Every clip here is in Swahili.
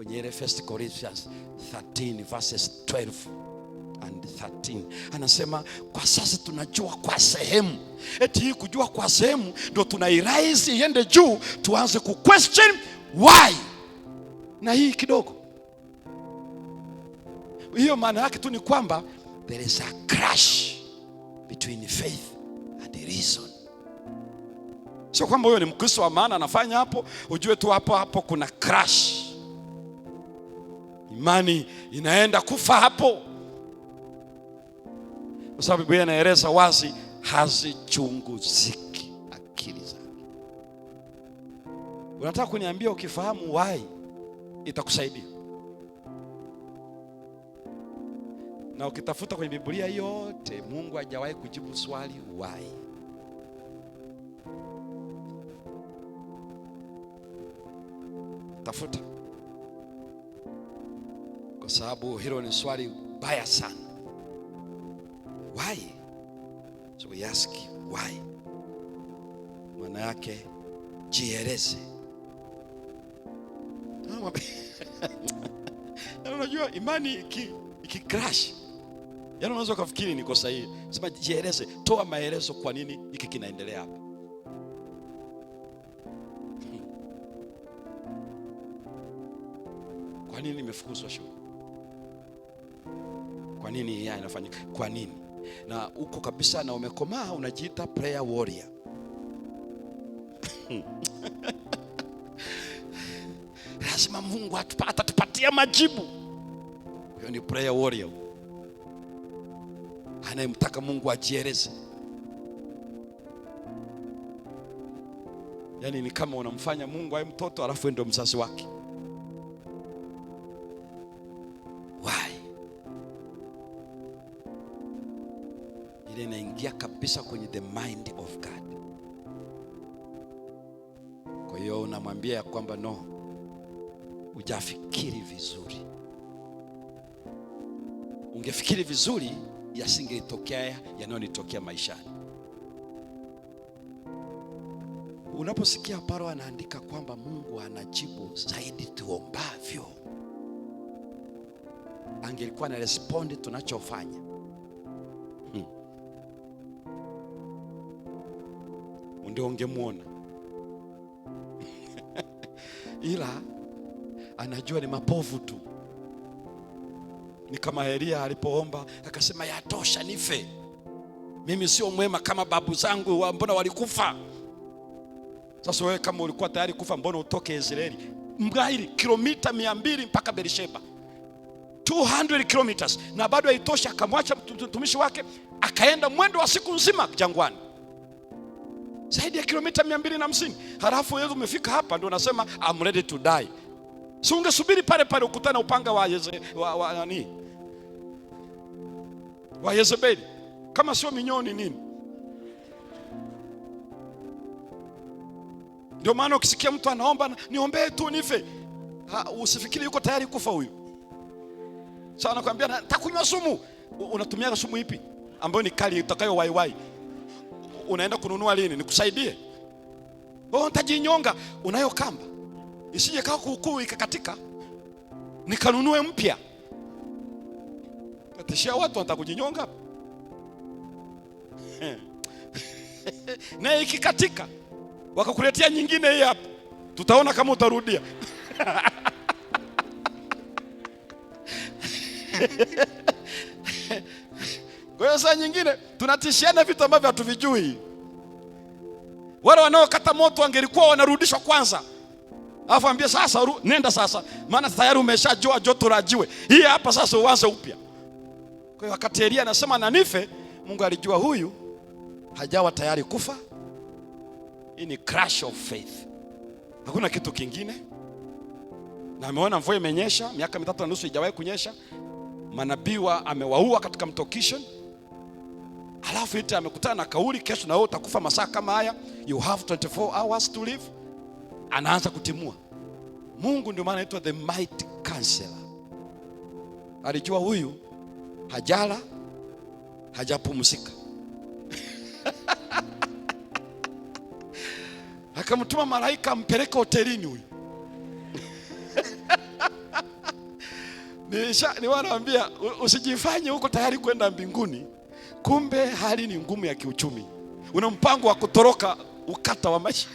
kwenye ile First Corinthians 13 verses 12 and 13 anasema, kwa sasa tunajua kwa sehemu. Eti hii kujua kwa sehemu ndio tunairaisi iende juu, tuanze ku question why, na hii kidogo hiyo maana yake tu ni kwamba there is a crash between faith and reason. Sio kwamba huyo ni Mkristo wa maana anafanya hapo, ujue tu hapo hapo kuna crash Imani inaenda kufa hapo, kwa sababu Biblia inaeleza wazi, hazichunguziki akili zake. Unataka kuniambia ukifahamu wai itakusaidia? Na ukitafuta kwenye Biblia yote, Mungu hajawahi kujibu swali wai. Tafuta kwa sababu hilo ni swali baya sana. Why? So we ask why. Maana yake jieleze. Unajua imani iki, iki crash. Yaani unaweza kufikiri niko sahihi. Sema jieleze, toa maelezo kwa nini hiki kinaendelea hapa. Kwa nini nimefukuzwa shule? Kwa nini hii inafanyika? Kwa nini? Na uko kabisa, na umekomaa unajiita prayer warrior lazima Mungu atatupatia majibu. Huyo ni prayer warrior anayemtaka Mungu ajieleze. Yaani ni kama unamfanya Mungu awe mtoto alafu ndio mzazi wake. inaingia kabisa kwenye the mind of God. Kwa hiyo unamwambia ya kwamba no, hujafikiri vizuri. Ungefikiri vizuri, yasingetokea yanayonitokea maishani. Unaposikia Paulo anaandika kwamba Mungu anajibu zaidi tuombavyo, angelikuwa na respondi tunachofanya ndio ungemwona ila anajua ni mapovu tu. Ni kama Elia alipoomba akasema, yatosha nife mimi, sio mwema kama babu zangu, mbona walikufa? Sasa wewe kama ulikuwa tayari kufa, mbona utoke Israeli? Mgairi kilomita mia mbili mpaka Berisheba 200 kilometers, na bado haitoshi. Akamwacha mtumishi wake akaenda mwendo wa siku nzima jangwani zaidi ya kilomita mia mbili na hamsini halafu Yesu umefika hapa, ndio nasema I'm ready to die. Si ungesubiri pale pale ukutana upanga wa Yeze, wa, wa, nani wa Yezebeli, kama sio minyoni nini? Ndio maana ukisikia mtu anaomba niombee tu nife, usifikiri yuko tayari kufa huyu. Sasa anakuambia nitakunywa sumu. Unatumia sumu ipi ambayo ni kali itakayo unaenda kununua lini? Nikusaidie? Oh, nitajinyonga. Unayo kamba, isije kaa kuukuu ikakatika, nikanunue mpya. Tatishia watu wanataka kujinyonga na ikikatika wakakuletea nyingine hii hapa, tutaona kama utarudia Kwa hiyo saa nyingine tunatishiana vitu ambavyo hatuvijui. Wale wanaokata moto wangelikuwa wanarudishwa kwanza, alafu ambie sasa, nenda sasa, maana tayari umeshajua joto la jiwe, hii hapa sasa uanze upya. Kwa hiyo wakati Elia anasema na nife, Mungu alijua huyu hajawa tayari kufa. Hii ni crash of faith, hakuna kitu kingine. Na ameona mvua imenyesha, miaka mitatu na nusu ijawahi kunyesha, manabii amewaua katika Mto Alafu ita amekutana na kauli, kesho na wewe utakufa masaa kama haya, you have 24 hours to live. Anaanza kutimua. Mungu ndio maana anaitwa the mighty counselor. Alijua huyu hajala hajapumzika akamtuma malaika ampeleke hotelini huyu. Nisha niwaambia usijifanye huko tayari kwenda mbinguni. Kumbe hali ni ngumu ya kiuchumi, una mpango wa kutoroka ukata wa maisha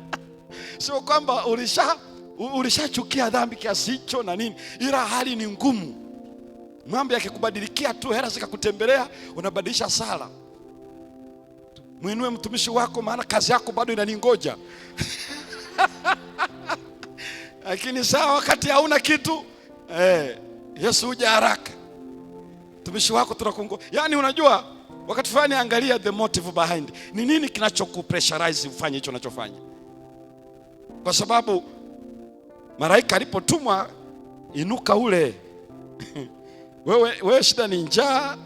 sio kwamba ulisha ulishachukia dhambi kiasi hicho na nini, ila hali ni ngumu. Mambo yakikubadilikia tu, hela zikakutembelea, unabadilisha sala. Mwinue mtumishi wako, maana kazi yako bado inaningoja lakini saa wakati hauna kitu eh, Yesu huja haraka mtumishi wako tunakungo. Yaani unajua wakati fulani angalia the motive behind. Ni nini kinachokupressurize ufanye hicho unachofanya? Kwa sababu malaika alipotumwa inuka ule wewe, wewe shida ni njaa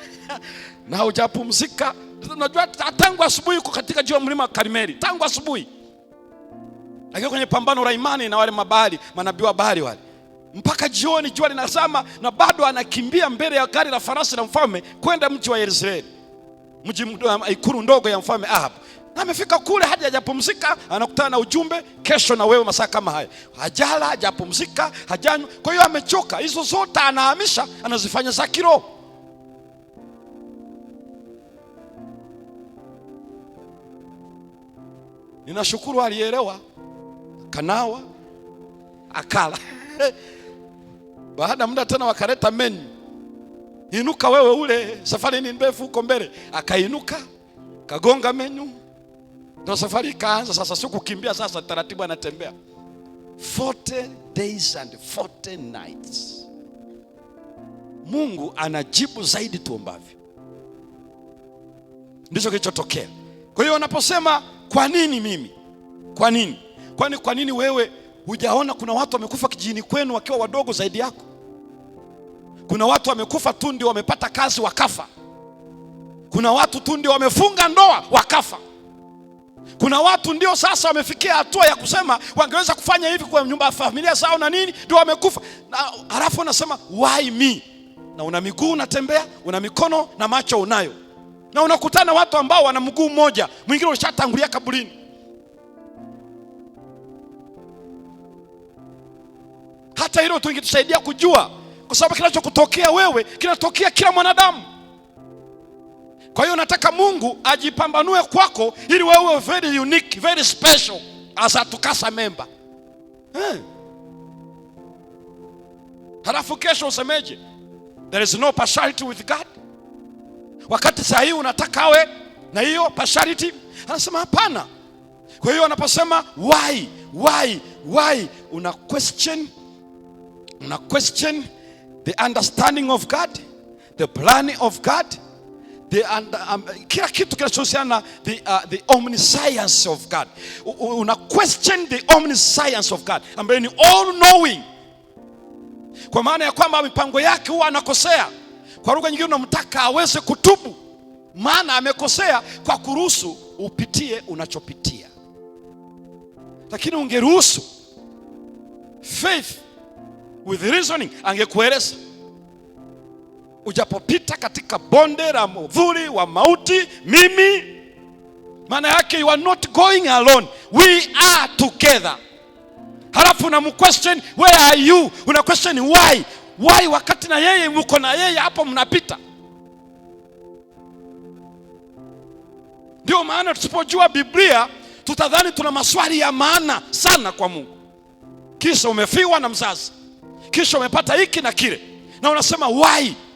na hujapumzika. Unajua tangu asubuhi uko katika juu ya mlima Karmeli tangu asubuhi, lakini kwenye pambano la imani na wale mabali manabii wa bahari wale mpaka jioni jua linazama, na bado anakimbia mbele ya gari la farasi la mfalme kwenda mji wa Yerusalemu, mji ikulu ndogo ya mfalme Ahab. Na amefika kule hadi hajapumzika, anakutana na ujumbe, kesho na wewe masaa kama haya. Hajala, hajapumzika, hajanywa, kwa hiyo amechoka. Hizo zote anahamisha, anazifanya za kiroho. Ninashukuru alielewa, kanawa, akala Baada muda tena wakaleta menu, inuka wewe ule, safari ni ndefu huko mbele. Akainuka kagonga menu, ndio safari ikaanza. Sasa si kukimbia, sasa taratibu anatembea 40 days and 40 nights. Mungu anajibu zaidi tuombavyo, ndicho kilichotokea. Kwa hiyo wanaposema kwa nini mimi, kwa nini, kwani kwa nini wewe hujaona kuna watu wamekufa kijijini kwenu wakiwa wadogo zaidi yako? Kuna watu wamekufa tu ndio wamepata kazi wakafa. Kuna watu tu ndio wamefunga ndoa wakafa. Kuna watu ndio sasa wamefikia hatua ya kusema wangeweza kufanya hivi kwa nyumba ya familia zao na nini, ndio wamekufa. Na unasema why me? Na una miguu unatembea, una mikono na macho unayo, na unakutana watu ambao wana mguu mmoja, mwingine ushatangulia kaburini. Hata hilo tungitusaidia kujua kwa sababu kinachokutokea wewe kinatokea kila mwanadamu. Kwa hiyo nataka Mungu ajipambanue kwako ili wewe very unique, very special as a TUCASA member eh. Halafu kesho usemeje? There is no partiality with God. Wakati saa hii unataka awe na hiyo partiality, anasema hapana. Kwa hiyo anaposema why why why, una question una question the understanding of God, the planning of God, um, kila kitu kinachohusiana the, uh, the omniscience of God. Una question the omniscience of God ambaye ni all knowing, kwa maana ya kwamba mipango yake huwa anakosea. Kwa lugha nyingine, unamtaka aweze kutubu, maana amekosea kwa kuruhusu upitie unachopitia, lakini ungeruhusu faith with reasoning angekueleza ujapopita katika bonde la mvuli wa mauti, mimi. Maana yake you are not going alone, we are together. Halafu na mquestion where are you, una question why why, wakati na yeye mko na yeye hapo mnapita. Ndio maana tusipojua Biblia tutadhani tuna maswali ya maana sana kwa Mungu, kisha umefiwa na mzazi kisha umepata hiki na kile, na unasema why?